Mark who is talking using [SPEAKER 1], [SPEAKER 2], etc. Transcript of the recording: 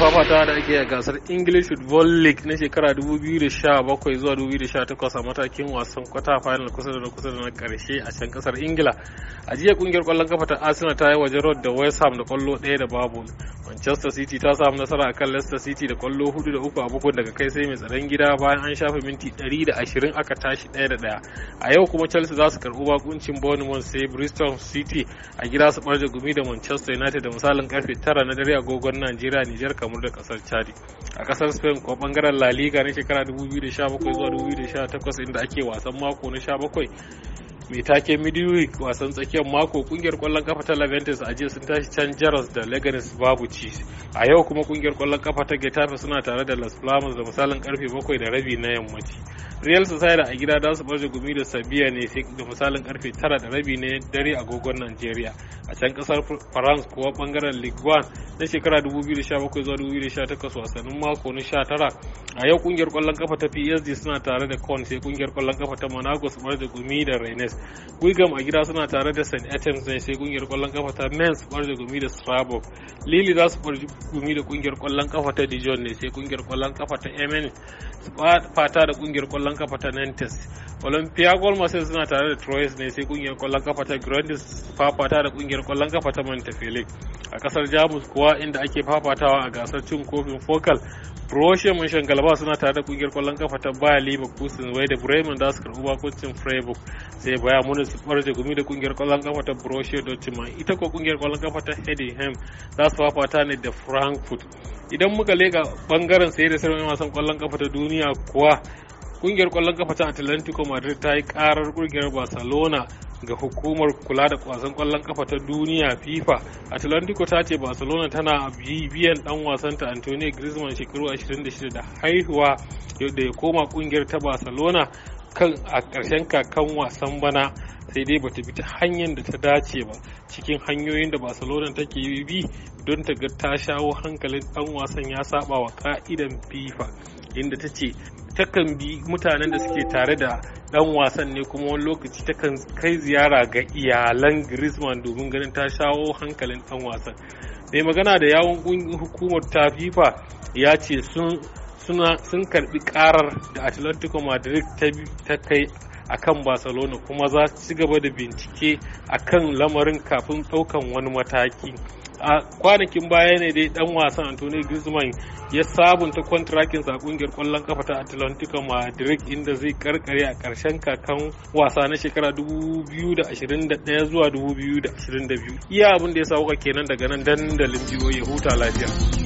[SPEAKER 1] ta da ake a gasar English Football League na shekara 2017 zuwa 2018 a matakin wasan kwata final kusa da kusa da na karshe a can kasar Ingila. A jiya kungiyar kwallon kafa ta Arsenal ta yi waje road da West Ham da kwallo ɗaya da babu. Manchester City ta samu nasara a kan Leicester City da kwallo hudu da uku a bukun daga kai sai mai tsaron gida bayan an shafe minti 120 aka tashi daya da daya A yau kuma Chelsea za su karɓi bakuncin Bournemouth sai Bristol City a gida su ɓarje gumi da Manchester United da misalin karfe 9 na dare agogon Najeriya Nijar kamar kamar da kasar chadi a kasar spain kuma bangaren la liga na shekara 2017 zuwa 2018 inda ake wasan mako na 17 mai take midweek wasan tsakiyar mako kungiyar kwallon kafa ta Leventis a jiya sun tashi can Jaros da Leganes babu ci a yau kuma kungiyar kwallon kafa ta Getafe suna tare da Las Palmas da misalin karfe 7 da rabi na yammaci Real society a gida za su barje gumi da Sabiya ne da misalin karfe 9 da rabi na dare agogon Najeriya a can kasar france kuwa bangaren ligue 1 na shekara 2017 zuwa 2018 wasannin mako na 19 a yau kungiyar kwallon kafa ta psd suna tare da con sai kungiyar kwallon kafa ta monaco su bar da gumi da rennes guigam a gida suna tare da st etienne ne sai kungiyar kwallon kafa ta mens bar da gumi da strasbourg lili za su bar gumi da kungiyar kwallon kafa ta dijon ne sai kungiyar kwallon kafa ta emen fata da kungiyar kwallon kafa ta nantes olympiacos masu suna tare da troyes ne sai kungiyar kwallon kafa ta grandis fafata da kungiyar kwallon kafa ta montefiore a kasar jamus kuwa inda ake fafatawa a gasar cin kofin focal Borussia Mönchengladbach suna tare da kungiyar kwallon kafa ta Bayer Leverkusen wai da Bremen da su karɓi bakuncin Freiburg sai Bayern Munich su barje gumi da kungiyar kwallon kafa ta Borussia Dortmund ita ko kungiyar kwallon kafa ta Heidenheim za su fafata ne da Frankfurt idan muka lega bangaren sai da sauran wasan kwallon kafa ta duniya kuwa kungiyar kwallon kafa ta atlantico madrid ta yi karar kungiyar barcelona ga hukumar kula da kwasan kwallon kafa ta duniya fifa atlantico ta ce barcelona tana bibiyan dan wasanta antonio griezmann shekaru 26 da haihuwa da ya koma kungiyar ta barcelona kan a karshen kakan wasan bana sai dai bata bi ta hanyar da ta dace ba cikin hanyoyin da barcelona take bi don ta ga ta shawo hankalin dan wasan ya saba wa ka'idan fifa inda ta ce takan bi mutanen da suke tare da dan wasan ne kuma wani lokaci takan kai ziyara ga iyalan Griezmann domin ganin ta shawo hankalin dan wasan mai magana da yawon hukumar ta FIFA ya ce sun karbi karar da Atletico Madrid ta kai akan Barcelona kuma za su ci gaba da bincike akan lamarin kafin ɗaukan wani mataki a kwanakin baya ne dai dan wasan Anthony Griezmann ya sabunta kontrakin a kungiyar kwallon kafa ta Atlantico Madrid inda zai karkare a karshen kakan wasa na shekara 2021 zuwa 2022 iya abin da ya sauka kenan daga nan dandalin biyo ya huta lafiya